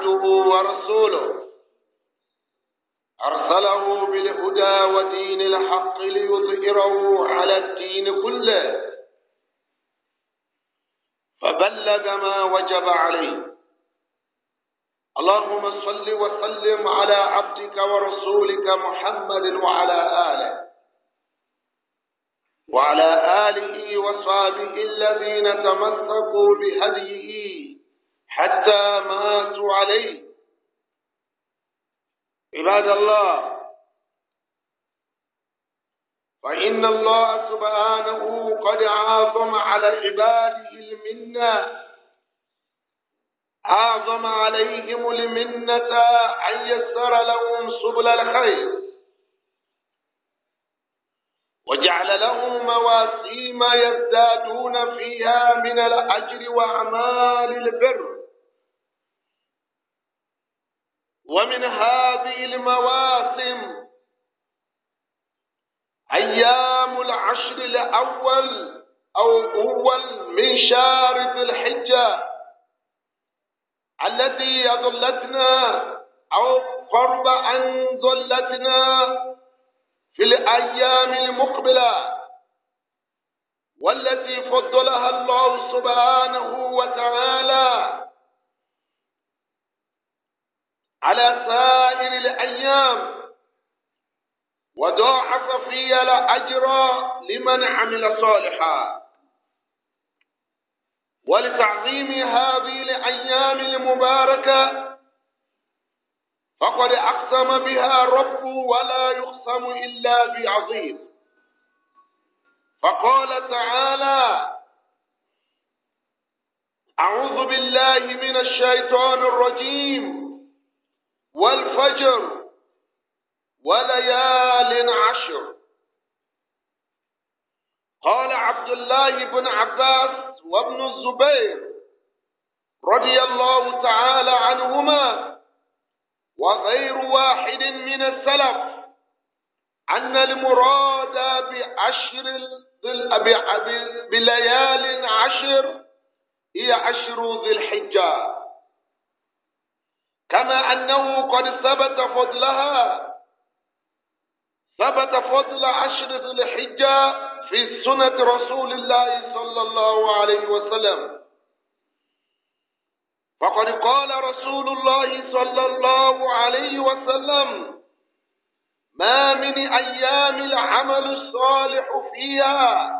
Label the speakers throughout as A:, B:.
A: عبده ورسوله أرسله بالهدى ودين الحق ليظهره على الدين كله فبلغ ما وجب عليه اللهم صل وسلم على عبدك ورسولك محمد وعلى آله وعلى آله وصحبه الذين تمسكوا بهديه حتى ماتوا عليه عباد الله فإن الله سبحانه قد عاظم على عباده المنة أعظم عليهم المنة أن يسر لهم سبل الخير وجعل لهم مواسيم يزدادون فيها من الأجر وأعمال البر ومن هذه المواسم أيام العشر الأول أو أول من شهر ذي الحجة التي أضلتنا أو قرب أن ضلتنا في الأيام المقبلة والتي فضلها الله سبحانه وتعالى على سائر الأيام وضاعف فيها الأجر لمن عمل صالحا ولتعظيم هذه الأيام المباركة فقد أقسم بها رب ولا يقسم إلا بعظيم فقال تعالى أعوذ بالله من الشيطان الرجيم والفجر وليال عشر قال عبد الله بن عباس وابن الزبير رضي الله تعالى عنهما وغير واحد من السلف أن المراد بعشر بليال عشر هي عشر ذي الحجاج كما أنه قد ثبت فضلها ثبت فضل عشر ذي الحجة في سنة رسول الله صلى الله عليه وسلم فقد قال رسول الله صلى الله عليه وسلم ما من أيام العمل الصالح فيها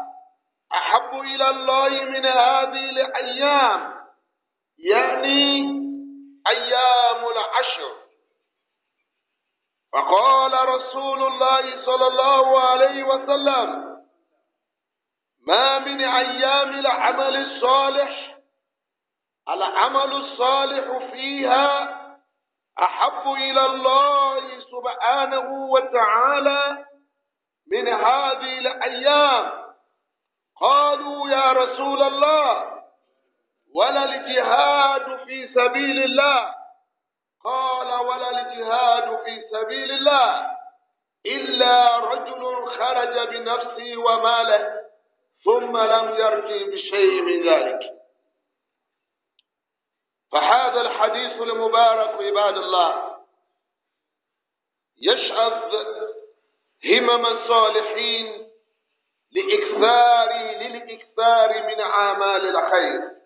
A: أحب إلى الله من هذه الأيام يعني أيام العشر وقال رسول الله صلى الله عليه وسلم ما من أيام العمل الصالح العمل الصالح فيها أحب إلى الله سبحانه وتعالى من هذه الأيام قالوا يا رسول الله ولا الجهاد في سبيل الله قال ولا الجهاد في سبيل الله إلا رجل خرج بنفسه وماله ثم لم يرجع بشيء من ذلك فهذا الحديث المبارك عباد الله يشعب همم الصالحين لإكثار للإكثار من أعمال الخير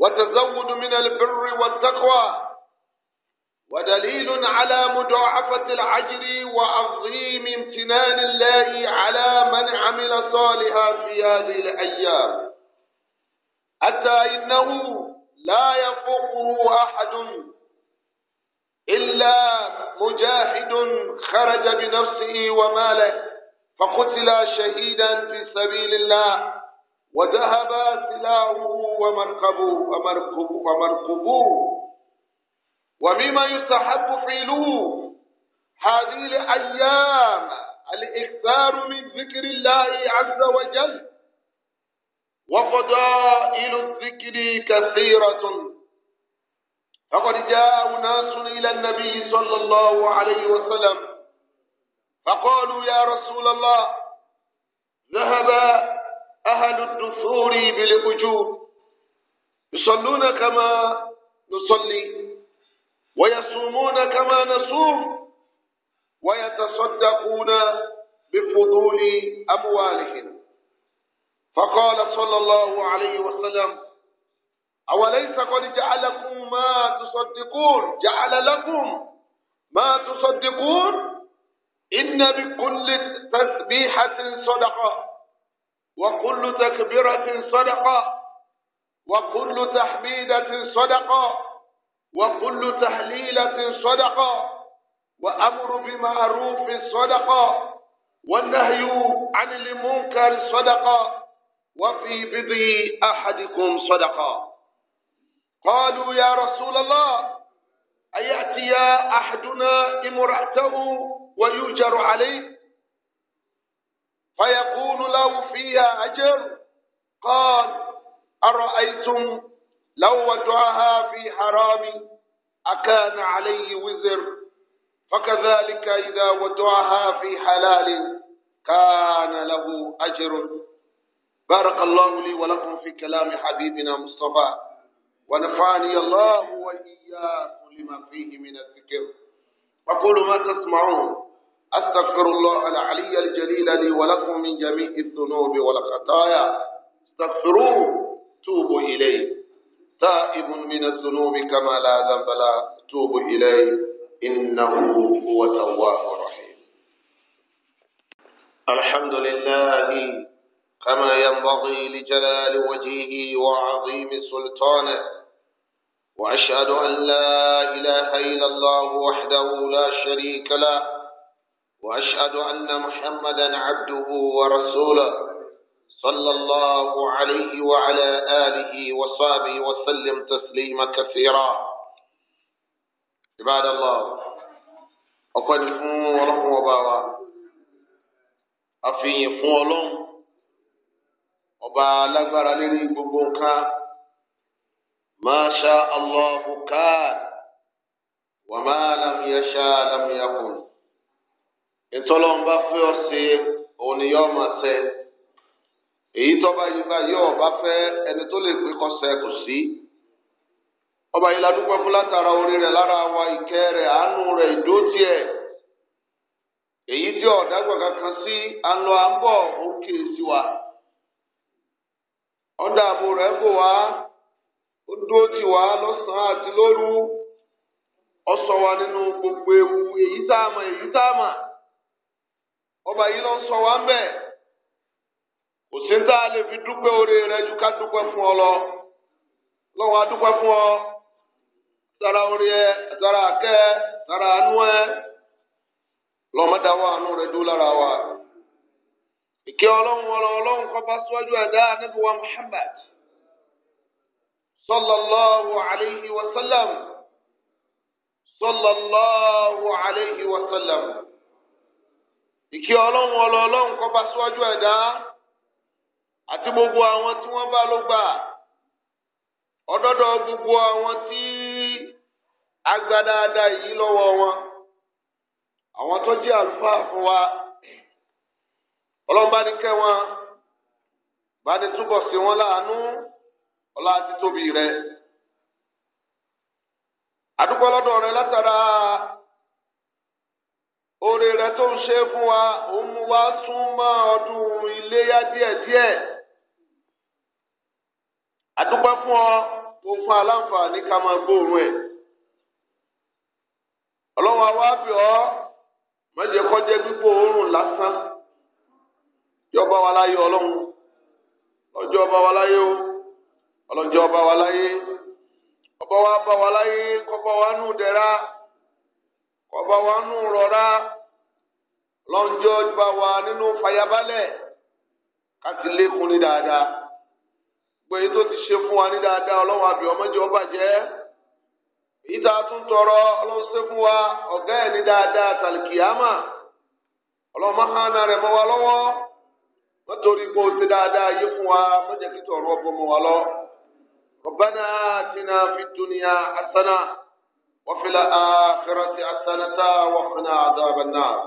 A: وتزود من البر والتقوى ودليل على مضاعفة العجر وعظيم امتنان الله على من عمل صالحا في هذه الأيام حتى إنه لا يفوقه أحد إلا مجاهد خرج بنفسه وماله فقتل شهيدا في سبيل الله وذهب سلاحه ومركبه ومركبه ومركبه ومما يستحب فعله هذه الأيام الإكثار من ذكر الله عز وجل وفضائل الذكر كثيرة فقد جاء أناس إلى النبي صلى الله عليه وسلم فقالوا يا رسول الله ذهب أهل الدثور بالأجور يصلون كما نصلي ويصومون كما نصوم ويتصدقون بفضول أموالهم فقال صلى الله عليه وسلم أوليس قد جعلكم ما تصدقون جعل لكم ما تصدقون إن بكل تسبيحة صدقة وكل تكبيرة صدقة وكل تحميدة صدقة وكل تحليلة صدقة وأمر بمعروف صدقة والنهي عن المنكر صدقة وفي بضع أحدكم صدقة قالوا يا رسول الله أيأتي أحدنا امرأته ويجر عليه فيكون له فيها أجر قال أرأيتم لو ودعها في حرام أكان عليه وزر فكذلك إذا ودعها في حلال كان له أجر بارك الله لي ولكم في كلام حبيبنا مصطفى ونفعني الله وإياكم لما فيه من الذكر أقول ما تسمعون
B: أستغفر الله العلي الجليل لي ولكم
A: من جميع الذنوب والخطايا استغفروه توبوا إليه تائب من الذنوب كما لا ذنب لا توبوا إليه إنه هو تواب رحيم الحمد لله كما ينبغي لجلال وجهه وعظيم سلطانه وأشهد أن لا إله إلا الله وحده لا شريك له وأشهد أن محمدا عبده ورسوله صلى الله عليه وعلى آله وصحبه وسلم تسليما كثيرا عباد الله أقول لكم ورحمة وبابا أفي فون لهم ọba لني ببوكا ما شاء الله كان وما لم يشاء لم يكن ìtọ́lọ́run bá fẹ́ ọ ṣe òun ni yóò máa ṣe èyí ẹni tó lè gbé kọsẹ̀ kò sí ọba yìí la dúpẹ́ fún látara orí rẹ̀ lára wa ìkẹ́ rẹ̀ àánú rẹ̀ ìdótì ẹ̀ èyí tí ọ̀dàgbà kankan sí alọ àbọ̀ òkè sí wa ọ̀dà àbò gbogbo ewu èyí tá a mọ̀ ọba yìí ló ń sọ wá ń bẹ̀ kò sí ń tá a lè fi dúpẹ́ oore rẹ ju ká dúpẹ́ fún ọ lọ lọ́wọ́ fún ọ tara orí ẹ tara akẹ́ tara anú ẹ lọ́mọdáwọ́ àánú rẹ dúró lára wa ìkẹ́ ọlọ́run ọlọ́run ọlọ́run kọ́ síwájú ẹ̀dá anábíwá Muhammad
B: sallallahu alayhi wa
A: sallallahu alayhi wa ìkí ọlọ́run ọlọ́run kọ́ bá síwájú ẹ̀dá àti gbogbo àwọn tí wọ́n bá ló gbà ọ̀dọ́dọ̀ gbogbo àwọn tí agba dáadáa yìí lọ́wọ́ wọn àwọn tó jẹ́ àlùfáà fún wa ọlọ́run bá ní kẹ́ wọn bá ní túbọ̀ sí wọn láàánú ọlá àti tóbi rẹ̀ àdúgbò lọ́dọ̀ rẹ̀ látara o rẹ tó ń ṣe fún wa ó wa sún mọ́ ọdún iléyà díẹ̀díẹ̀ àdúpẹ́ fún ọ tó fún aláǹfààní ká máa gbóòórùn ẹ̀ ọlọ́run àwa bẹ̀ ọ́ mọ̀jẹ̀ kọjá gbígbó oorun lásán jọba wa láyé ọlọ́run ọjọ́ ọba wa láyé o ọlọ́jọ́ ọba wa láyé ọba wa bá wa kọba wa nù rọra lọ́njọ́ bá wa nínú fàyàbálẹ̀ káti lékun ní dáadáa gbogbo èyí tó ti ṣe fún wa ní dáadáa ọlọ́run àbí ọmọdé ọba jẹ́ èyí tá a tún tọrọ ọlọ́run ṣe fún wa ọ̀gá ẹ̀ ní dáadáa tàlìkìyàmà ọlọ́run máa hànà rẹ̀ mọ́ wa lọ́wọ́ nítorí pé o ṣe dáadáa yé fún wa mọ́ wa lọ. وفي الآخرة حسنة وقنا عذاب النار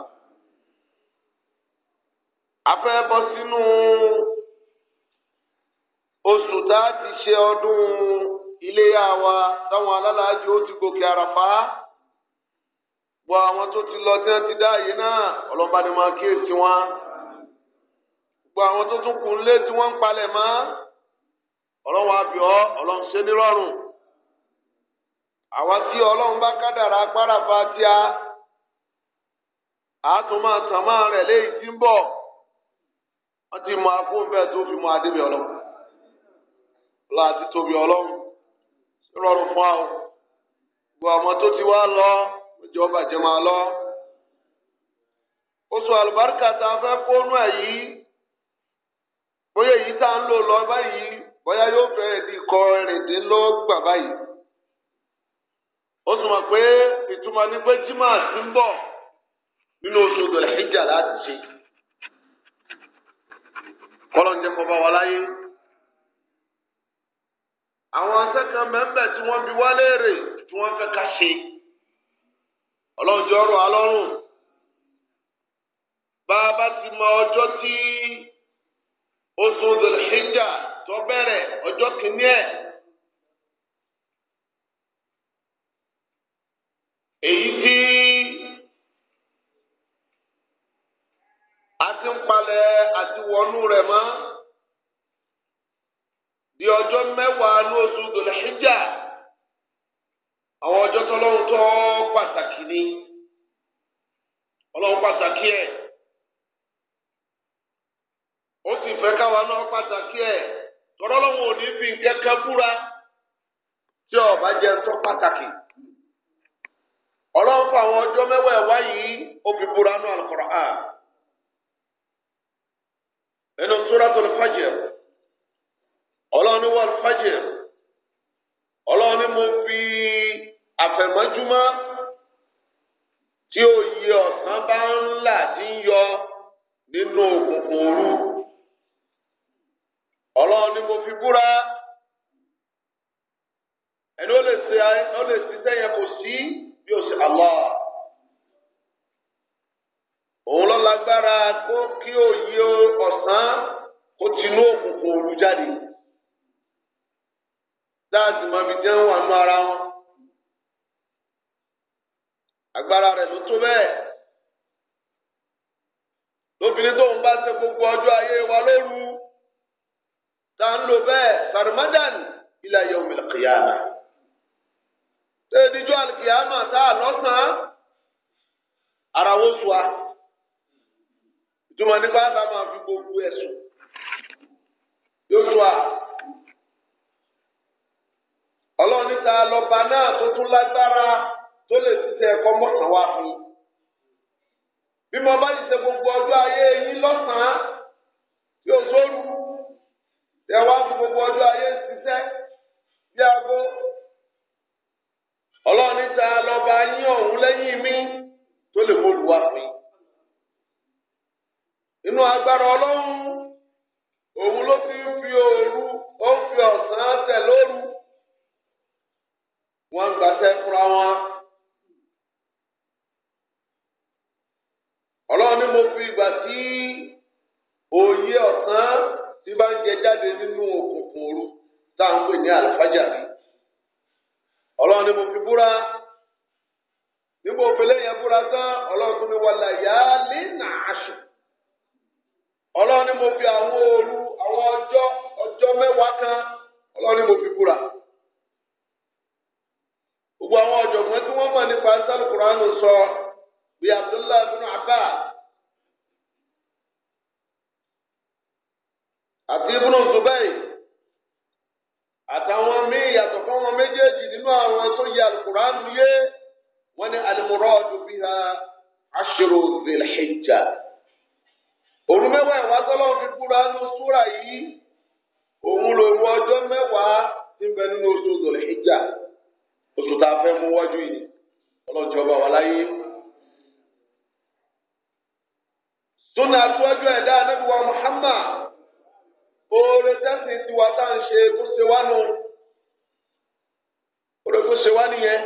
A: afẹ́ bọ́ sínú oṣù tá a ti ṣe ọdún iléyá wa táwọn alálàájú ó ti gòkè àràfá gbọ́ àwọn tó ti lọ tí wọ́n ti dá àyè náà ọlọ́ba ni máa kíyèsí wọn gbọ́ àwọn tó tún kù ń lé tí wọ́n ń palẹ̀ mọ́ ọlọ́wọ́n àbíọ́ ọlọ́run ṣe nírọ̀rùn. àwa tí ọlọ́run bá kádàrá páràfà tí a àtún máa tàn máa rẹ̀ léyìí tí ń bọ̀ wọ́n ti mọ akóńfẹ́ tó fi mọ ọlọ́run láti tóbi ọlọ́run rọrùn fún àwọn gbogbo tó ti wá lọ ìjọba jẹ máa lọ oṣù àlùbáríkà tá a fẹ́ kónú ẹ̀ yìí bóyá èyí tá a ń lò lọ báyìí bóyá yóò di ó sì mọ̀ pé ìtumọ̀ ní pé jimá ti ń bọ̀ nínú oṣù láti ṣe kọ́lọ̀ ń jẹ́ kọ́ bá wa láyé àwọn akẹ́kọ̀ọ́ tí wọ́n bi wá léèrè tí wọ́n fẹ́ ká ṣe ọlọ́jọ́ ọ̀rọ̀ alọ́rùn bá a ti mọ ọjọ́ tí oṣù tó a ti ń palẹ̀ àti wọnú rẹ̀ mọ́ bí ọjọ́ mẹ́wàá ní oṣù dòlẹ́hìjà àwọn ọjọ́ tọ́lọ́run tó pàtàkì ni ọlọ́run pàtàkì ẹ̀ ó sì fẹ́ káwa náà pàtàkì ẹ̀ fi nǹkan kan búra tí ọba jẹ tó pàtàkì ọlọ́run fún àwọn ọjọ́ mẹ́wàá fi búra nínú suratul fajr ọlọ́run wal fajr ọlọ́run mo fi àfẹ̀mọ́júmọ́ tí òye ọ̀sán bá ń là ti ń yọ nínú òkùnkùn òru ọlọ́run mo fi búra ẹni ó lè ṣe ó lè ṣiṣẹ́ yẹn kò sí bí ó ṣe Allah. òun lọ lágbára kó kí òye ọ̀sán kó tinú òkùnkùn òru jáde dáàtì mọ wà nú ara wọn agbára rẹ̀ ló tó bẹ́ẹ̀ lóbìnrin tóun bá ṣe gbogbo ọjọ́ ayé wa lóru tá ń lò bẹ́ẹ̀ sàrìmádàn ila yawmil qiyamah ṣé ìdíjọ́ àlùkìyàmà tá a lọ́sàn-án ara ìtumọ̀ nípa àbá máa fi gbogbo ẹ̀sùn yóò tó a. ọlọ́run níta lọ́ba náà tó tún lágbára tó lè ṣiṣẹ́ ẹ̀kọ́ mọ̀sán wá fún un. bí mo bá ṣiṣẹ́ gbogbo ọjọ́ ayé yín lọ́sàn-án yóò sóru
B: ẹ wá fún gbogbo ọjọ́ ayé
A: ṣiṣẹ́ bí aago. ọlọ́run níta lọ́ba yín ọ̀hún lẹ́yìn mi tó lè mọ̀lúwa fún yín inú agbára ọlọ́run òun ló ti ń fi òru ó ń fi ọ̀sán tẹ̀ lóru wọ́n ń gbàtẹ́ fúnra wọn. ọlọ́run ni mo fi ìgbà tí òye ọ̀sán ti bá ń jẹ jáde nínú òkùnkùn òru tá à ń pè ní àlùfájàrí ọlọ́run ni mo fi búra nígbà òfin lẹ́yìn búra tán ọlọ́run tún ní wàlàyé lẹ́nà àṣù. ọlọ́run ni mo fi àwọn òru àwọn ọjọ́ ọjọ́ mẹ́wàá kan ọlọ́run ni mo fi búra gbogbo àwọn ọ̀jọ̀gbọ́n tí wọ́n mọ̀ nípa sálùkùránù sọ bí Abdullahi bin Abbas àti ibùdó Zubair àtàwọn míì yàtọ̀ fún wọn méjèèjì nínú àwọn tó yẹ alukùránù yé bíi ha òru mẹ́wàá ìwà tọ́lọ́run fi búra ní súrà yìí òun lòru ọjọ́ mẹ́wàá ti bẹ nínú oṣù zòlẹ́jà oṣù tá a fẹ́ mú wájú yìí ọlọ́jọ́ ọba wà láyé. súnà àtúwájú ẹ̀dá anábìwá Muhammad oore tẹ́sí tiwa tá à ń ṣe kó ṣe wá nù oore kó ṣe wá nìyẹn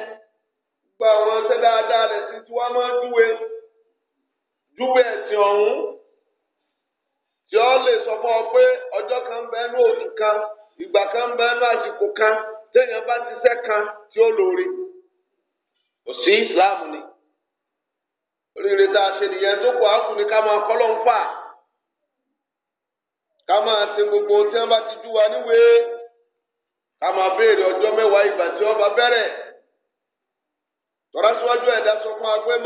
A: gba àwọn ṣẹ́ dáadáa rẹ̀ sí tiwa máa ń júwe júwe ẹ̀sìn ọ̀hún. tí ó lè sọ ọ pé ọjọ́ kan bẹ kan ìgbà kan bẹ àsìkò kan téèyàn bá kan tí ó lóore kò sí Islam ni oríire tá a ṣe nìyẹn tó kọ àkùn ni ká máa kọlọ ń fà ká máa ṣe gbogbo tí wọ́n bá ti jú wa níwèé ká máa béèrè ìgbà tí bá síwájú sọ fún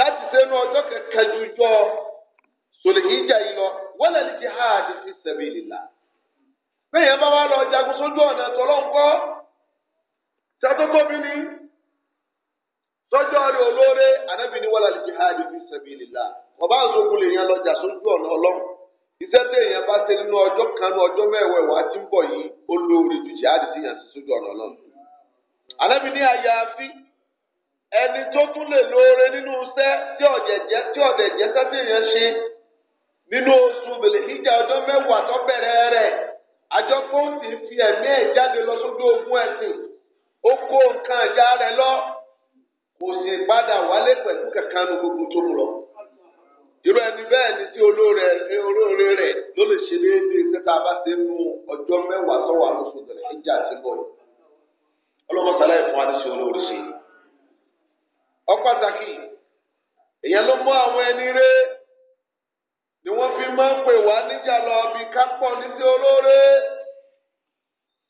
A: láti sẹ́nu ọjọ́ kẹkẹjújọ́ sòlìhíjà yìí lọ wala li jihad fi sabilillah. bẹ́ẹ̀ yẹn bá wà lọ jagun sójú ọ̀nà tọ́lọ́ńkọ́ tẹ́tọ́tọ́bí ni sọ́jọ́ rẹ̀ olóore ànábì ní wala li jihad fi sabilillah. ọba àzọkùn lè yan lọ́jà sójú ọ̀nà ọlọ́run iṣẹ́ tí èèyàn bá ṣe nínú ọjọ́ kan ní ọjọ́ mẹ́wàá bọ̀ ti ọ̀nà ẹni tó tún lè lóore nínú iṣẹ́ tí ọ̀jẹ̀jẹ́ tí ọ̀dẹ̀jẹ́ sábẹ́ yẹn ṣe nínú oṣù bèlèkíjà ọjọ́ mẹ́wàá tó bẹ̀rẹ̀ rẹ̀ àjọ fóònù fi ẹ̀mí ẹ̀ jáde lọ sódò ogun ẹ̀sìn ó kó nǹkan ẹ̀já rẹ̀ lọ kò sì padà wálé pẹ̀lú kankan nu gbogbo tó mú lọ. irú ẹni bẹ́ẹ̀ ni tí olóore olóore rẹ̀ ló lè ṣe déédéé tẹ́tà bá ṣe mú ọjọ́ mẹ́wàá tó wà lóṣù bèlèkíjà ti bọ̀ ọlọ́mọ sálẹ̀ fún adéṣe olóore ṣe yìí. ọpàtàkì èyàn ló mú àwọn ẹni ré ni wọ́n fi máa ń pè wá níjà lọ bí kápọ̀ sí olóore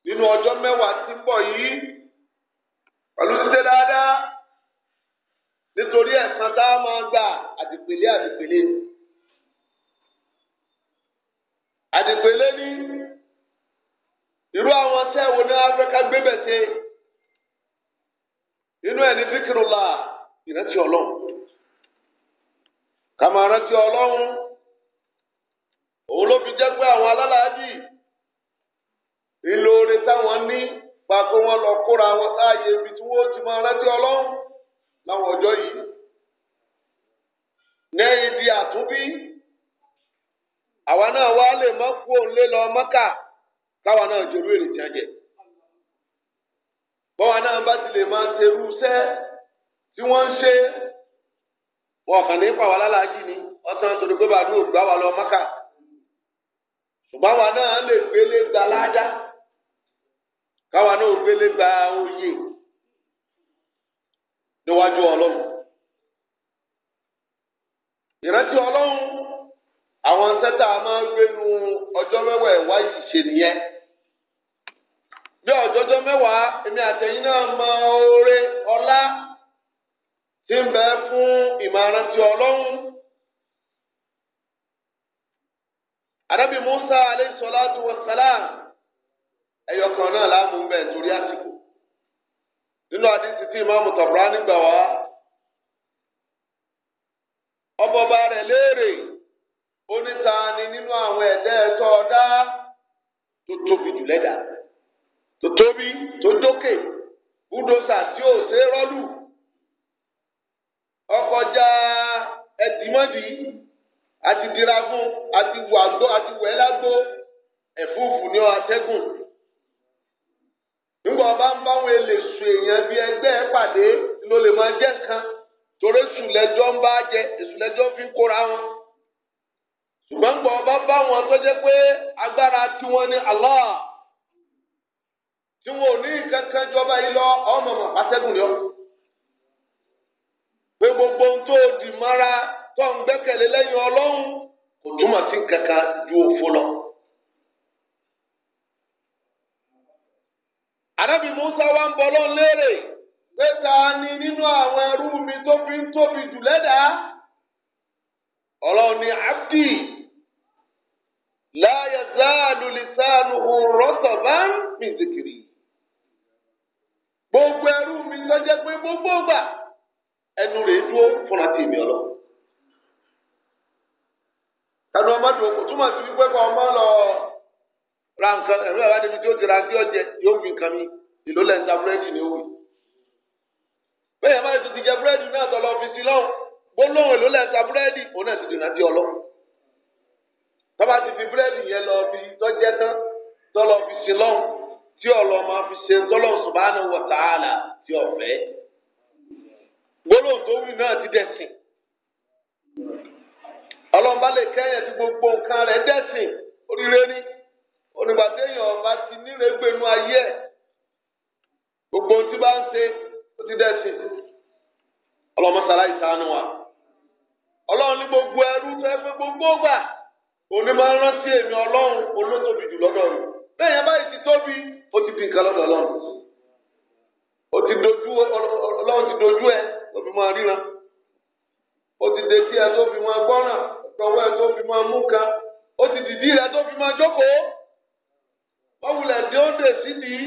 A: nínú ọjọ́ mẹ́wàá tí ń yìí pẹ̀lú ṣíṣe dáadáa nítorí ẹ̀san tá a máa gbà àdìpèlé ní irú àwọn tẹ́wọ̀n ní ìrántí ọlọ́run ká máa rántí ọlọ́run òun ló fi jẹ́ pé àwọn alálàájì ìlóore táwọn ní pa pé wọ́n lọ kóra wọn láàyè ibi tí wọ́n ti máa rántí ọlọ́run láwọn ọjọ́ yìí ní ibi àwa náà wá lè kú òun lé lọ mọ́kà káwa náà jòrú èrè náà tí wọ́n ń ṣe wọn kàn ní pàwọ́ alálàájì ni ọ̀sán torí pé bàbá òdùgbà wà lọ mọ́kà ṣùgbọ́n wa náà lè gbélé gba ládá káwa náà gbélé gba oyè níwájú ọlọ́run ìrántí ọlọ́run àwọn sẹ́tà máa ń gbénu ọjọ́ mẹ́wàá ẹ̀wá yìí ṣe nìyẹn bí ọjọ́jọ́ mẹ́wàá èmi àtẹ̀yìn náà mọ oore ọlá. tí ń bẹ fún ìmọ̀rántí ọlọ́run. Adabi Musa alayhi salatu wa salam ẹyọkan kan náà láàmú ń bẹ torí àsìkò. Nínú àdìsí tí ìmáàmù Tabrani gbà wá. Ọbọba rẹ̀ léèrè onítaani nínú àwọn ẹ̀dá ẹ̀tọ́ ọ̀dá tó tóbi jù lẹ́dà. Tó tóbi tó dókè búdósà tí ò ṣe rọ́lù. ọkọjá ẹtìmọ́dì àti dira àti wàgbó àti wẹ́lágbó ẹ̀fúùfù ní atẹ́gùn. nígbà ọba ń báwọn èlè sùn èèyàn bíi ẹgbẹ́ pàdé ló lè máa jẹ́ nǹkan torí sùlẹ́jọ́ ń bá jẹ fi kóra wọn. ṣùgbọ́n gbọ́ bá wọn tó jẹ́ pé agbára tiwọn ni tí wọn ò ní kankan jọba yìí pé gbogbo ohun tó di mọ́ra tó ń gbẹ́kẹ̀lé lẹ́yìn ọlọ́run kò túmọ̀ sí kankan ju òfo lọ. ànábì Musa wa ń bọ lọ́n léèrè pé ta ni nínú àwọn ẹrú mi tó fi ń tóbi jù lẹ́dàá ọlọ́run ni abdi la yazalu lisanuhu rataban min zikri gbogbo ẹrú mi tó jẹ́ pé gbogbo gbà ẹnu rẹ̀ dúró fúnra ti èmi ọlọ. ẹnu ọmọ dùn kò túmọ̀ sí wípé kọ́ ọmọ lọ ra nǹkan ẹ̀rọ ẹ̀rọ adébi tí ó ti ra sí ọ̀jẹ̀ yóò wí nǹkan mi ìlú lẹ́ńtà búrẹ́dì ni ó wì. bẹ́ẹ̀ máa tún ti jẹ búrẹ́dì náà tọ́lọ́ fi sí lọ́hùn gbólóhùn ìlú lẹ́ńtà búrẹ́dì òun náà ti dùnà sí ọlọ́. tọ́ba ti fi búrẹ́dì yẹn lọ fi tọ́jẹ́ tán tọ́lọ́ fi sí tí ọlọ́ fi ṣe tọ́lọ́ subhanahu wa ta'ala tí ọ̀fẹ́. gbólóhùn tó wù náà ti dẹ̀sìn ọlọ́run bá lè kẹ́yìn gbogbo nǹkan rẹ̀ dẹ̀sìn oríire ní onígbàdéyàn ọba ti nírègbénu ayé ẹ̀ gbogbo ohun tí bá ń ṣe ó ti dẹ̀sìn ìsànù wa ọlọ́run gbogbo ẹrú tó ẹgbẹ́ gbogbo gbà òní máa ń rántí èmi ọlọ́run olótóbi jù lọ́dọ̀ rẹ̀ bẹ́ẹ̀ yẹn báyìí ti ó ti dojú ọlọ́run ti dojú ẹ tó fi máa ọ, ó ti detí ẹ tó fi máa gbọ́ràn tọwọ́ ẹ tó fi máa mú kan ó ti dìdí rẹ tó fi máa jókòó wọ́wulẹ̀ dé ó dè sídìí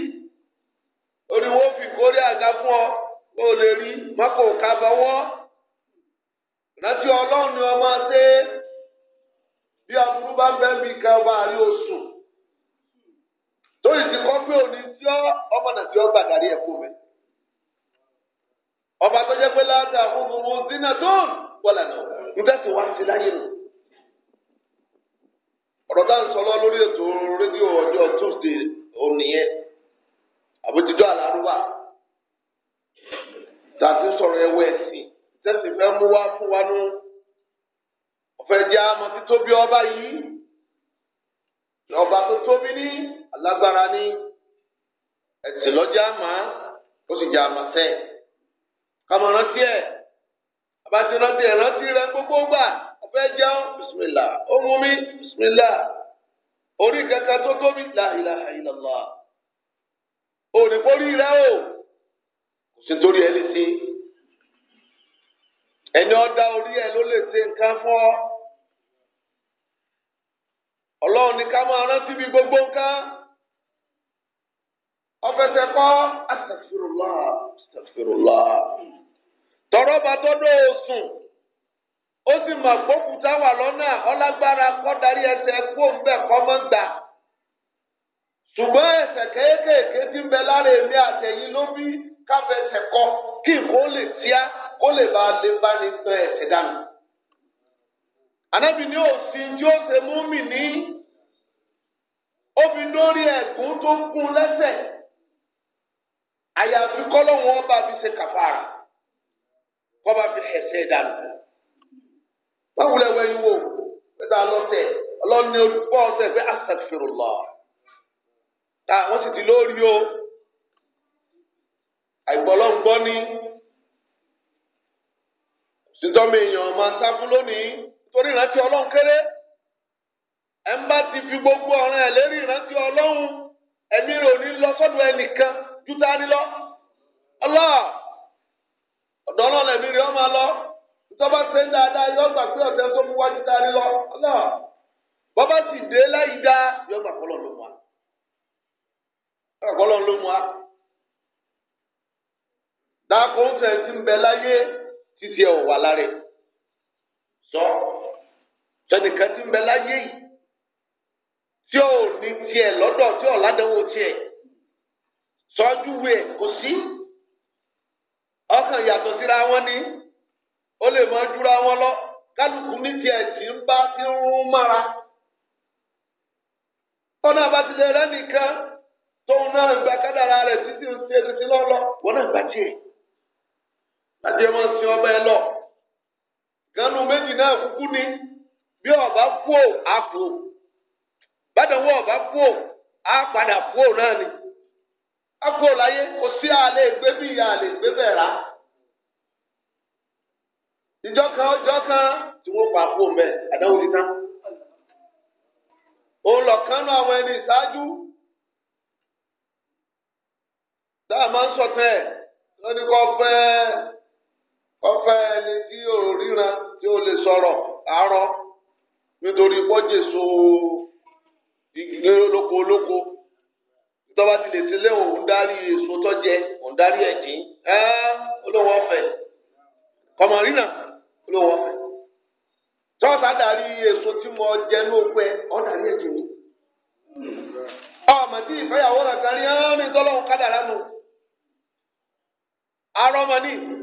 A: oríwó fi kórè àga fún ọ kó o lè rí mako rántí ọlọ́run ni ọmọ ṣe bí bá bẹ́ẹ̀ bí ká ọba àrí oṣù ti kọ́ pé òní tí ọmọ nàìjíríà gbàdárí ọba tó jẹ́ pé láàdá àkókò zina tó ń wọlé náà nígbà tó wá sí láyé nù. ọ̀rọ̀ tá à ń sọ lọ lórí ètò rédíò ọjọ́ tuesday ònìyẹn àbójútó àlárúbà tàbí sọ̀rọ̀ ẹwẹ́ ẹ̀sìn tẹ́sí fẹ́ mú wá fún wa nú ọ̀fẹ́ jẹ́ àmọ́ títóbi ọba yìí ọba tó tóbi ní alágbára ní ẹ̀sìn lọ́jà àmọ́ ó sì jẹ́ àmọ́ sẹ́ẹ̀ kàmọ rántí ẹ àbájọ rántí ẹ rántí rẹ gbogbo gbà ọfẹ jẹun bisimilá ọmú mi bisimilá orí kankan tó tóbi la ilaha illallah òrìkórí rẹ o kò sí torí ẹ lè ṣe ẹni ọdá orí ẹ ló lè ṣe nǹkan fún ọ ní ká máa rántí bí gbogbo nǹkan ọfẹsẹ kọ astagfirullah astagfirullah. tọrọ bá dọdọ òsùn ó sì mà gbókùtà wà lọ́nà ọlágbára kọdarí ẹsẹ̀ kó ń bẹ kọmọ gbà ṣùgbọ́n ẹsẹ kéékèèké tí ń bẹ lára èmi àtẹ̀yìn ló bí káfẹsẹ̀ kọ kí nǹkan ó lè tíá kó lè bá ní tọ kọ́ba fi ẹsẹ̀ dànù. báwo lẹ wẹ́yìn wò pẹ̀lú alọ́tẹ̀ ọlọ́ni olùkọ́ ọ̀sẹ̀ pé astaghfirullah. àwọn sì ti lórí o àìgbọ́lọ́ngbọ́ ni sídọ́mọ èèyàn máa ń sá fún lónìí torí ìrántí ọlọ́run kéré ẹ̀ ń bá ti fi gbogbo ọ̀ràn ẹ̀ lérí ìrántí ọlọ́run ẹ̀mí rẹ̀ ní lọ sọ́dọ̀ ẹnìkan jútà ní lọ. Allah ọ̀dọ̀ ọlọ́run ẹ̀mí rẹ̀ ọmọ lọ ìjọba ṣe ń dáadáa yọ gbà pé tó mú wájú lọ ọ̀nà bọ́bá sì dé láyìí dá yọ gbà kọ́lọ̀ ló mú wa kọ́lọ̀ ló mú dáko ń sọ láyé yìí tí ò ní tí ò ọkàn yàtọ̀ síra wọn ní ó lè mọ jura wọn lọ kálukú ní tiẹ̀ tí ń bá ti ń rún mára tọ́nà àbátìlẹ̀ rẹ nìkan tóun náà gba rẹ̀ títí ń ṣe títí lọ́lọ́ wọn náà gbà tiẹ̀ máa ń sin ọba ọba ọba akúrò láyé kò sí àlè gbé bí ìyá àlè gbé bẹ̀ rà. ìjọ kan ọjọ́ kan tí wọ́n pa kú mẹ́ àdáwò níta. òun lọ̀kan náà àwọn ẹni ìṣáájú tá a máa ń sọ̀tẹ̀ wọ́n ní kọ́ fẹ́ kọ́ fẹ́ ẹni tí ò ríran tí ò lè sọ̀rọ̀ àárọ̀ nítorí pọ́jèso igi lóko olóko. tọ́ba ti lè tẹ́lẹ̀ òun dárí èso tọ́jẹ òun dárí ẹ̀dín olówó ọ̀fẹ́ kọmọrínà olówó ọ̀fẹ́ tọ́ba dárí èso tí mo jẹ ní òkú ẹ ọ́ dárí ẹ̀dín mi. ọmọ tí ìfẹ́yàwó rẹ̀ kan rí ní kádàrá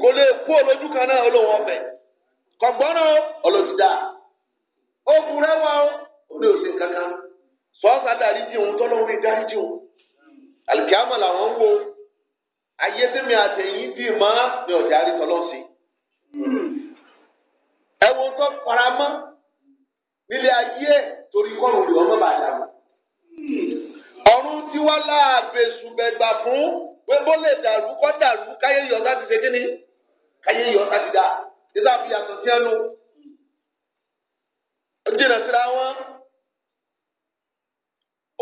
A: kò lè kú olójú náà olówó àlìkíámà làwọn ń wo ayé tèmi àtẹ̀yìn dì mọ́ ní ọ̀jà àrítọ́lọ́sìn ẹ̀wọ̀n tó faramọ́ nílé ayé torí kọ́run rẹ̀ ọmọ bá dàrú. ọ̀run tí wọ́n láàbè ṣùgbẹ́gbà fún pé bó lè dàrú kọ́ dàrú káyé yọ̀ọ́ta ti ṣe kíni káyé yọ̀ọ́ta ti dà títà fi yàtọ̀ sí ẹnu. ó jìnnà síra wọn.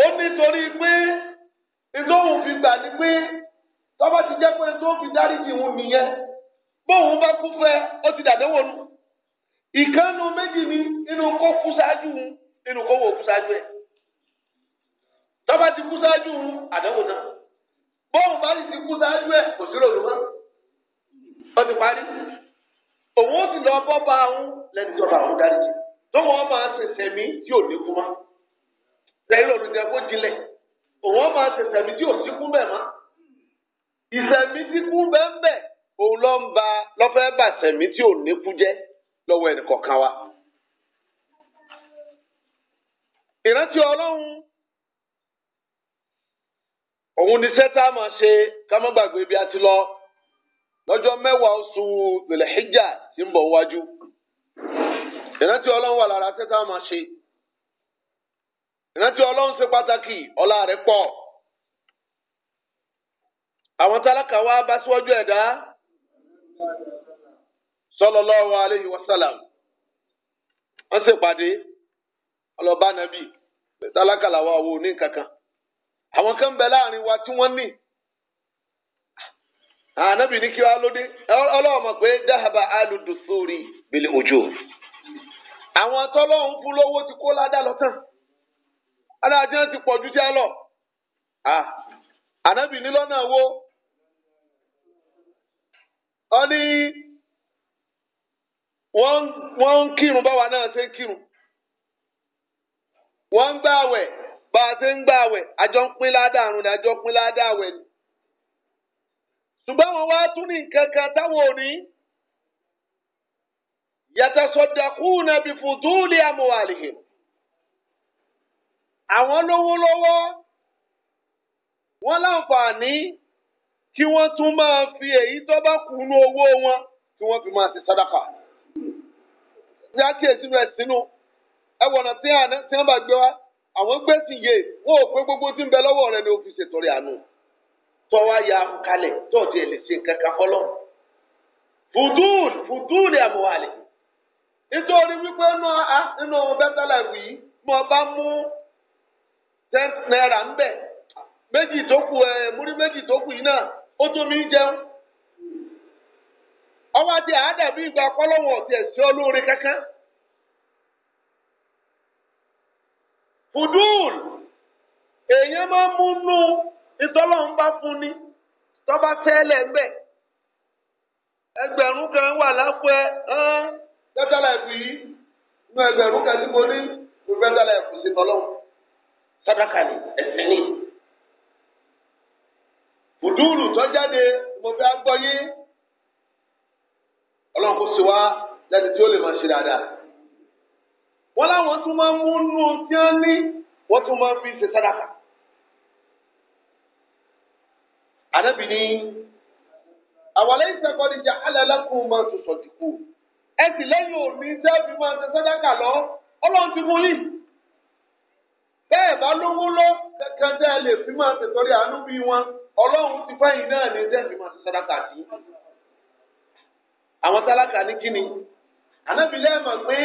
A: ó nítorí pé ìlóhùn fi gbà ní pé tọ́ba ti jẹ́ pé tó fi dáríjì òun nìyẹn bóun bá kú fẹ́ ó ti dàdéwò nu ìkànnù méjì ni inú kó kú ṣáájú òun inú kó wò kú ṣáájú ẹ̀ tọ́ba ti kú ṣáájú òun àdéhùn náà bóun bá sì ti kú ṣáájú ẹ̀ kò sí ròlù mọ́ ó ti parí òun ó sì lọ bọ́ bá òun lẹ́ni tọ́ba òun dáríjì tó wọ́n máa ṣẹ̀ṣẹ̀ mí tí ò ní kú mọ́ lẹ́yìn lòlù jẹ́ kó jinlẹ̀ òun máa tẹ̀sẹ̀ mi tí ò sí kú bẹ̀ mọ́ ìsẹ̀mí kú bẹ́ẹ̀ bẹ́ẹ̀ òun ló ń ba lọ́fẹ́ bà sẹ̀mí tí ò ní kú jẹ́ lọ́wọ́ ẹnìkọ̀ọ̀kan wa. ìrántí ọlọ́run òun ni sẹ́tà máa ṣe ká má gbàgbé bí a ti lọ lọ́jọ́ mẹ́wàá oṣù lèlẹ́hìjà tí ń bọ̀ wájú ìrántí ọlọ́run wà lára sẹ́tà máa ṣe. ìrántí ọlọ́run ṣe pàtàkì ọlá rẹ̀ pọ̀ àwọn tálákà wá bá síwájú ẹ̀dá sallallahu alayhi wa sallam wọ́n pàdé ọlọ́ba nàbí tálákà làwọn àwọn kankan àwọn kan bẹ láàrin wa tí wọ́n ní ànábì ní kí lóde ọlọ́wọ́ mọ̀ pé dáhàbà bìlì òjò àwọn fún lówó alájẹ́ ti pọ̀jù jẹ́ lọ. ànábì ní lọ́nà wo ọ ní wọ́n ń kírun báwa náà ṣe ń kírun wọ́n ń gbààwẹ̀ bá a ṣe ń gbààwẹ̀ àjọ ń pín ládàá ni àjọ ń pín wọn wá tún ní nǹkan kan táwọn ò ní àwọn lówó lọ́wọ́ wọ́n láǹfààní kí wọ́n tún máa fi èyí tó bá kù ní owó wọn kí wọ́n fi máa ti sàdákà. Bí a kí èsì rẹ̀ sínú ẹwọ̀nà tí wọ́n bá gbé wá àwọn gbèsè yé wọn ò pé gbogbo tí ń bẹ lọ́wọ́ rẹ̀ ni ó fi ṣètọrẹ àánú. Tọ́wá ya kalẹ̀ tọ́jú ẹ̀ lè ṣe nǹkan kan fọlọ́. Fùdúùn fùdúùn àmúhalẹ̀. Nítorí wípé inú bẹ́tẹ̀lá ìwì mọ̀ bá mú ten naira mbe bẹ̀ méjì tó kù ẹ̀ múrí méjì tó kù yìí náà ó tó mi jẹun ọwọ́ àti àádàbí ìgbà kọ́lọ́wọ̀ ọ̀tí ẹ̀sìn olóore kankan. fùdúùl èèyàn máa ń múnú ìtọ́lọ́run bá fún ni tọ́ba tẹ́lẹ̀ ń ẹgbẹ̀rún kan wà ẹ inú ẹgbẹ̀rún kan tí sàdákà ni ẹ̀sìn ni. fùdúùlù tó jáde mo fẹ́ gbọ́ yé
B: ọlọ́run kò sí wa
A: láti tí ó lè máa ṣe dáadáa. wọ́n láwọn tún máa ń mú nú tí wọ́n ní wọ́n tún máa fi ṣe sàdákà. Ànábì ni àwàlẹ́ ìṣẹ́kọ̀ọ́dì jẹ́ alẹ́lẹ́kùn máa ń sọ̀tìkù. ẹ sì lẹ́yìn òní tẹ́ẹ̀bì máa ṣe sàdákà lọ ọlọ́run ti mú yìí bẹ́ẹ̀ bá lówó lọ kankan tẹ́ ẹ lè fi máa tẹ̀sọ́rí àánú bí wọn ọlọ́run ti fẹ́yìn náà ní tẹ́sí máa sàdákà sí. àwọn tálákà ní kíni ànábìlẹ̀ mọ̀ pé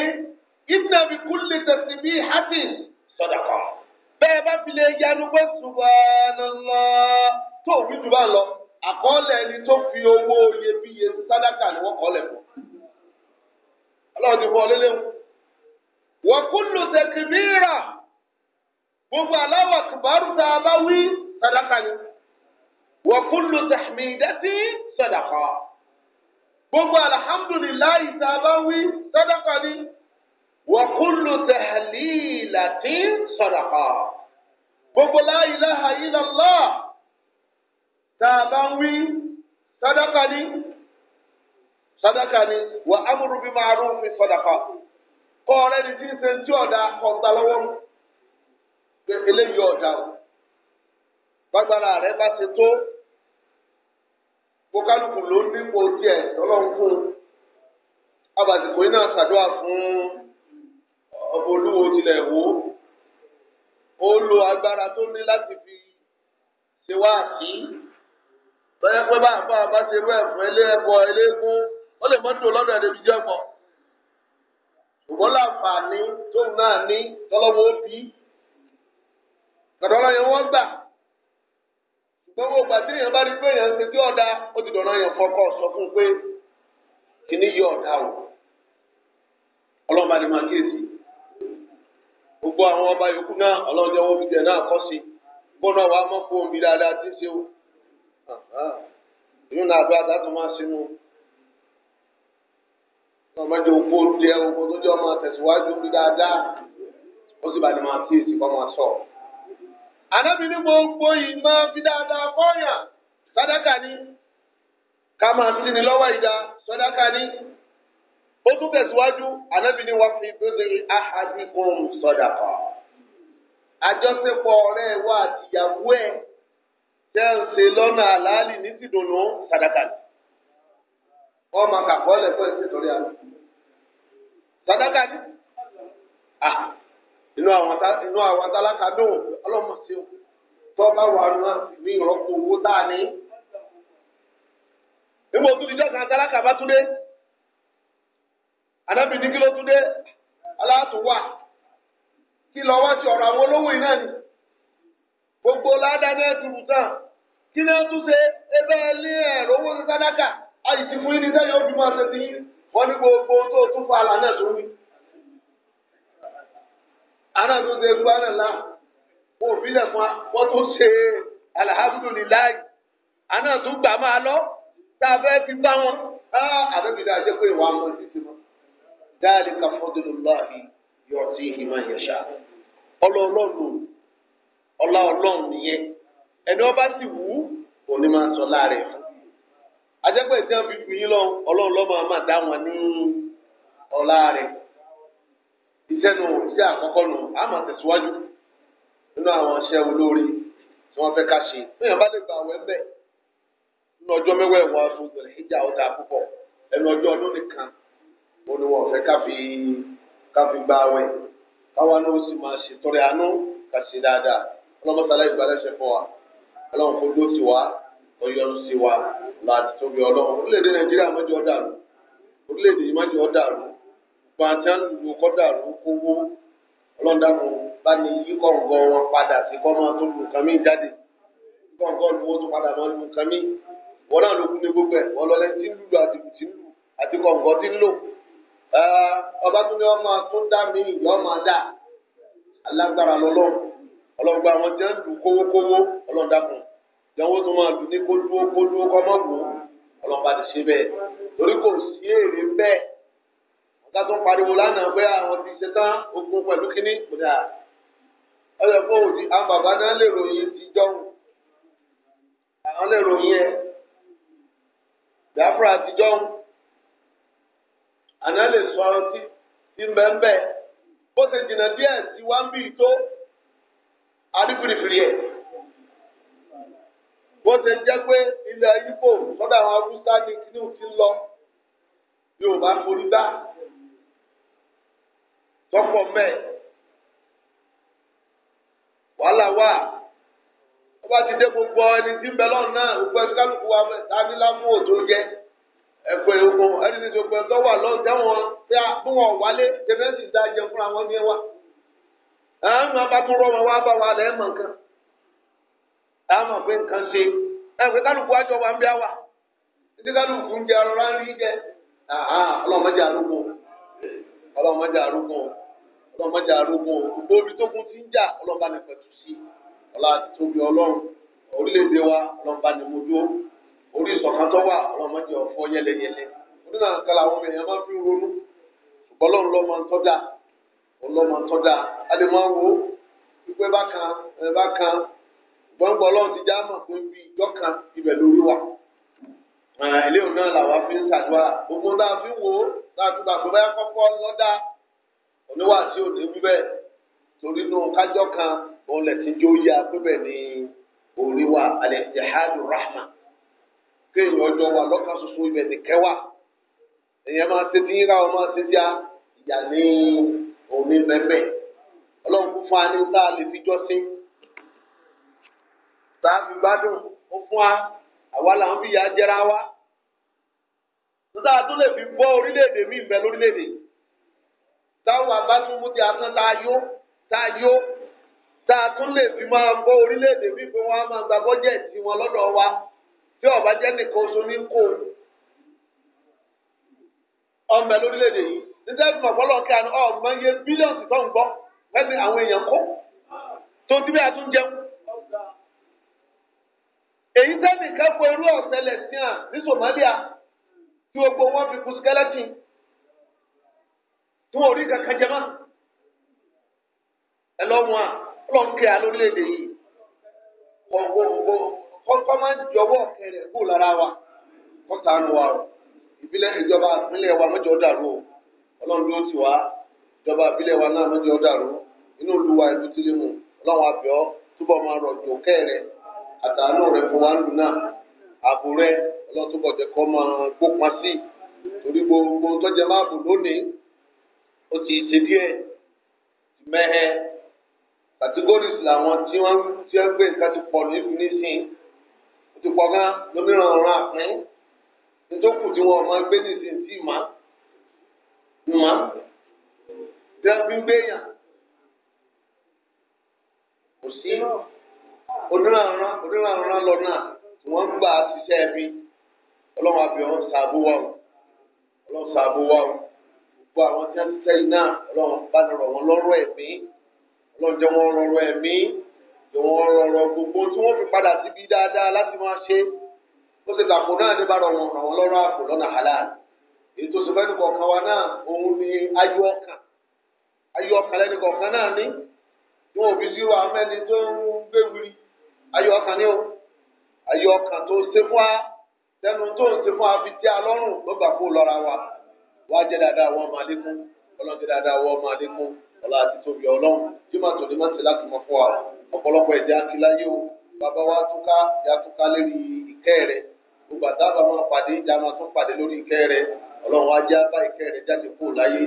A: inna bi kulli tasbihatin sadaqa bẹ́ẹ̀ bá fi lè yanu pé subhanallah tó òbí jù bá ń lọ àkọọ́lẹ̀ ẹni tó fi owó iyebíye sàdákà ni wọ́n kọ́lẹ̀ fún. ọlọ́run ti fọ́ ọ lélẹ́wọ̀n wa kullu takbira gbogbo aláwọ̀ kìbárù tá a bá wí sàdákà ni wa kullu tahmidati sàdákà gbogbo alhamdulillahi tá a bá wí sàdákà ni wa kullu tahlilati sàdákà gbogbo la ilaha illallah tá a bá wí sàdákà ni sadaka ni wa amuru bi ma'ruf sadaqa kọọrẹ ni ti se ti ọda kọntalọwọ pé eléyìí ọ̀dà o gbàgbára rẹ bá ti tó kókálùkù ló ń dípò tiẹ̀ lọ́lọ́run fún un abàtìkò iná ṣàdúrà fún ọmọ olúwo tilẹ̀ wò ó lo agbára tó ní láti fi ṣe wá sí bẹ́ẹ̀ pé bá àbá bá ṣe rú ẹ̀fọ́ ẹlẹ́ẹ̀kọ́ ẹlẹ́ẹ̀kún ó lè mọ́tò lọ́dọ̀ ẹ̀dẹ́bí jẹ́ mọ́ ṣùgbọ́n láǹfààní tóun náà ní tọ́lọ́wọ́ bí ọ̀dọ̀ ọ̀rọ̀ yẹn wọ́n gbà gbogbo ìgbà tí èèyàn bá rí pé èèyàn ń ṣe tí ọ̀dà ó ti dọ̀nà yẹn sọ fún pé kìíní yọ ọ̀dà o ọlọ́run bá máa kíyèsí gbogbo àwọn ọba yòókù náà ọlọ́run jẹ́ wọ́n fi tẹ̀ náà kọ́ sí gbọ́dọ̀ wàá fún omi dáadáa tí ń ṣe o náà ọmọdé tó jẹ́ ọmọ tẹ̀síwájú ànábì ní gbogbo ìmọ̀ fi dáadáa fọ́ọ̀yàn sadaka ni ká máa sí ni lọ́wọ́ ni ó tún tẹ̀síwájú ànábì ní fi gbélé ahadikum sàdákà àjọṣepọ̀ ọ̀rẹ́ wa àtìyàwó ẹ̀ tẹ́ ṣe lọ́nà àlàálì ní ni. inú àwọn inú àwọn tálákà dùn ọlọ́mọ sí o tọ́ba wà náà ní ìrọ́pò owó tá a ní. nígbà tó ti jọ́ kan tálákà bá túndé ànábì ní kí ló túndé aláàtúwà kí lọ wá ti ọ̀rọ̀ àwọn olówó iná ni gbogbo ládàá náà dùrù tán kí náà tún ṣe ebe ilé ẹ̀rọ owó tálákà àyè ti fún yín ní sẹ́yìn ó dùn ṣe ti yín wọ́n ní gbogbo tó tún fa àlà tó ní aná tó ṣe gbọ́ àná lá wọn ò bílẹ̀ fún wa wọ́n tó ṣe alhamdulilayi aná tó gbà máa lọ tá a fẹ́ fi bá wọn á àbẹ́bí dáa jẹ́ pé ìwà wọn ti ti mọ́ dáàlì ka fadlullahi yu'tihi man yasha ọlọ́ọ̀lọ́ọ̀nù ọlá ọlọ́ọ̀nù nìyẹn ẹni ọba sì wù ú òní máa sọ láàrẹ̀ fún ajẹ́pẹ̀ tí fi gbìn lọ ọlọ́run lọ́mọ máa dá wọn ní ọlá rẹ̀ iṣẹ́ nu iṣẹ́ àkọ́kọ́ nu a máa tẹ̀síwájú nínú àwọn iṣẹ́ olóore tí wọ́n fẹ́ ká ṣe níyàn bá lè gba àwẹ̀ ńbẹ̀ nínú ọjọ́ mẹ́wàá ẹ̀wọ̀n aṣọ òṣèlú ìjà ọ̀dà púpọ̀ ẹnu ọjọ́ ọdún nìkan ó ní wọn fẹ́ ká fi ká fi gba àwẹ̀ káwa náà ó sì máa ṣètọrẹ àánú ká ṣe dáadáa ọlọ́mọsálá ìgbàlẹ́sẹ̀ fọ wa ọlọ́run kò sí wa ọyọnu sí wa láti tóbi ọlọ́run orílẹ̀ nàìjíríà mọ́jọ́ dàrú orílẹ̀-èdè dàrú pàǹtí àlùkò kọ́dà ló kówó ọlọ́dàkùn bá ní yí kọ̀ǹgọ́ wọn padà sí kọ́ máa tó lu nǹkan mí jáde kọ̀ǹgọ́ lówó tó padà máa lu nǹkan mí wọn náà ló kú ní gbogbo ẹ̀ wọn lọ́lẹ́ tí ń lùlù àdìgún tí ń lù àti kọ̀ǹgọ́ tí ń lò ọba tún ní wọn máa tún dá mi ìyọ́ máa dà alágbára lọ́lọ́run ọlọ́gbà wọn jẹ́ ń lu kówókówó ọlọ́dàkùn ìyàwó tó máa lù ní kó dúró kó dúró kọ́ mọ́ wò ọlọ́pàá ti ṣe bẹ́ẹ̀ torí kò sí èrè bẹ́ẹ̀ ọ̀gá tó ń pariwo lánàá pé àwọn ti ṣe tán ogun pẹ̀lú kínní kò dáa ọyọ fún òdì àwọn bàbá náà lè ròyìn ti jọhùn àwọn lè ròyìn ẹ Biafra ti jọhùn àná lè sọ ọ sí ti ń bẹ́ẹ̀ bẹ́ẹ̀ bó ṣe jìnnà díẹ̀ sí wá ń bì tó adífìrìfìrì ẹ̀ bó ṣe jẹ́ pé ilẹ̀ Yíbò sọ́dọ̀ àwọn Haúsá ní kíní ti ń lọ Yorùbá forí bá. tọ́pọ̀ mẹ́ẹ̀ wàhálà wà wọ́n ti dé gbogbo ẹni tí ń bẹ náà gbogbo ẹni kálukú wa tàbí lámú òtó jẹ ẹ̀pọ̀ ẹni tí gbogbo ẹni tó wà lọ́run tẹ́wọ̀n bí wọ́n wálé tẹ̀mẹ́sì dá jẹ fúnra wọn ní ẹwà àwọn bá tún rọ́ wọn bá wa nǹkan àwọn nǹkan ṣe kálukú wa wà ń bí wa ní kálukú ń jẹ jẹ ọlọ́run mọ́jà arúgbó ọlọ́run mọ́jà arúgbó tó kún ti ń jà ọlọ́run ní pẹ̀tù sí ọlá wa ní mojú orí wà ọ̀fọ́ yẹlẹyẹlẹ onínà kala àwọn èèyàn máa fi ronú ṣùgbọ́n ọlọ́run ń tọ́jà ń tọ́jà a lè máa wo wípé bákan bákan gbọ́ngbọ́ ọlọ́run ti kan ibẹ̀ lórí wa láàtúgbà pé báyà kọ́kọ́ lọ́dá oníwà tí ò ní wí bẹ́ẹ̀ torí inú kájọ́ kan òun lẹ̀ tí ń jó yá pébẹ̀ ní orí wa alẹ́ ìhádùn rahma kéèyàn ọjọ́ wa lọ́kàn ṣoṣo ibẹ̀ nìkẹ́ wà èèyàn máa ṣe ti yíra ọ máa ṣe já ìyá ní òní bẹ́ẹ̀ ọlọ́run kún fún wa ní a lè fi jọ́sìn tá a fi gbádùn ó fún wa àwa làwọn bí ìyá jẹra wa títà tó lè fi bọ́ orílẹ̀-èdè mi ìbẹ̀ lórílẹ̀-èdè táwọn abátúmú ti atán tá a yó tá a yó tá a tún lè fi máa bọ́ orílẹ̀-èdè mi pé wọ́n á máa gba bọ́jẹ̀tì wọn lọ́dọ̀ wa tí ọ̀bá jẹ́ nìkan oṣù ní kò ọmọ lórílẹ̀-èdè yìí níta fi mọ̀ pọ́lọ́ kí àná ọ̀gbọ́n yẹ bílíọ̀nù tó ń gbọ́ fẹ́mi àwọn èèyàn kó tó ti bí a tún jẹun. èyí sẹ́nìkan fún irú ọ̀sẹ̀ lẹ̀ à ní Somalia. tí gbogbo bụ fi kú skeleton tí wọn rí kankan jẹ mọ́ ẹ lọ wọn Ọlọ́run kẹ alórílẹ̀èdè yìí kọńgó kọńgó máa ń kú lára wa o ìbílẹ̀ ìjọba ìpínlẹ̀ wa mọ́jọ́ dàrú o Ọlọ́run ló ti wá ìjọba wa náà dàrú inú ìlú tìlímù Ọlọ́run túbọ̀ máa àtàánú fún wa ààbò rẹ ọlọ́túnbọ̀ jẹ́ kọ́ máa gbópa sí torí gbogbo tọ́jà máàbò lónìí ó ti ṣe díẹ̀ mẹ́hẹ́ categories làwọn tí wọ́n ti ń gbé nǹkan ti pọ̀ ní nísìn ó ti pọ̀ gan lómìíràn ọ̀ràn àpín nítòkù tí wọ́n máa gbé sí ìmá ìmá wọ́n fi ń kò sí wọ́n gbà ṣiṣẹ́ bí ọlọ́run àbí wọn ṣàbò wà wọn ọlọ́run ṣàbò wà wọn gbogbo àwọn tí wọ́n ṣiṣẹ́ iná ọlọ́run bá rọ̀ wọ́n lọ́rọ̀ ẹ̀mí ọlọ́run jẹ́ wọ́n rọrọ̀ ẹ̀mí jẹ́ wọ́n rọrọ̀ gbogbo tí wọ́n fi padà síbi dáadáa láti máa ṣe ó ṣe tàkùn náà ní bá rọ̀ wọn ràn wọ́n lọ́rọ̀ àpò lọ́nà halal ètò ìsọfẹ́ni kọ̀ọ̀kan wa náà òun ni ayọ̀ ọkàn ayọ̀ ọkàn lẹ́ni kọ̀ọ̀kan náà ní wọn ò fi zero amẹ́ni tó ń gbé wiri ayọ̀ ọkàn ní o ayé ọkàn tó ṣe fún wa tẹnu tó ń ṣe fún wa fi tẹ́ alọ́rùn ló gbà kó lọ́ra wa wá jẹ́ dáadáa wọ́n máa lékún ọlọ́run jẹ́ dáadáa wọ́n máa lékún ọlọ́run àti tóbi ọlọ́run jimá tòní má ti láti mọ̀ fún wa ọ̀pọ̀lọpọ̀ ẹ̀jẹ̀ akíláyé o bàbá wa túká ìyá túká lérí ìkẹ́ rẹ̀ gbogbo àtàwọn máa pàdé ìjà máa tún pàdé lórí ìkẹ́ rẹ̀ ọlọ́run ajá bá ìkẹ́ rẹ̀ jáde kúrò láyé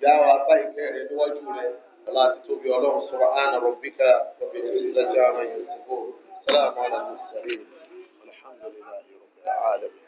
A: ìyá wa bá ìkẹ́ rẹ̀ níwájú rẹ̀ ọlọ́run àti tóbi ọlọ́run subhana rabbika rabbil izzati amma yasifun salamun ala al-mursalin. الحمد لله رب العالمين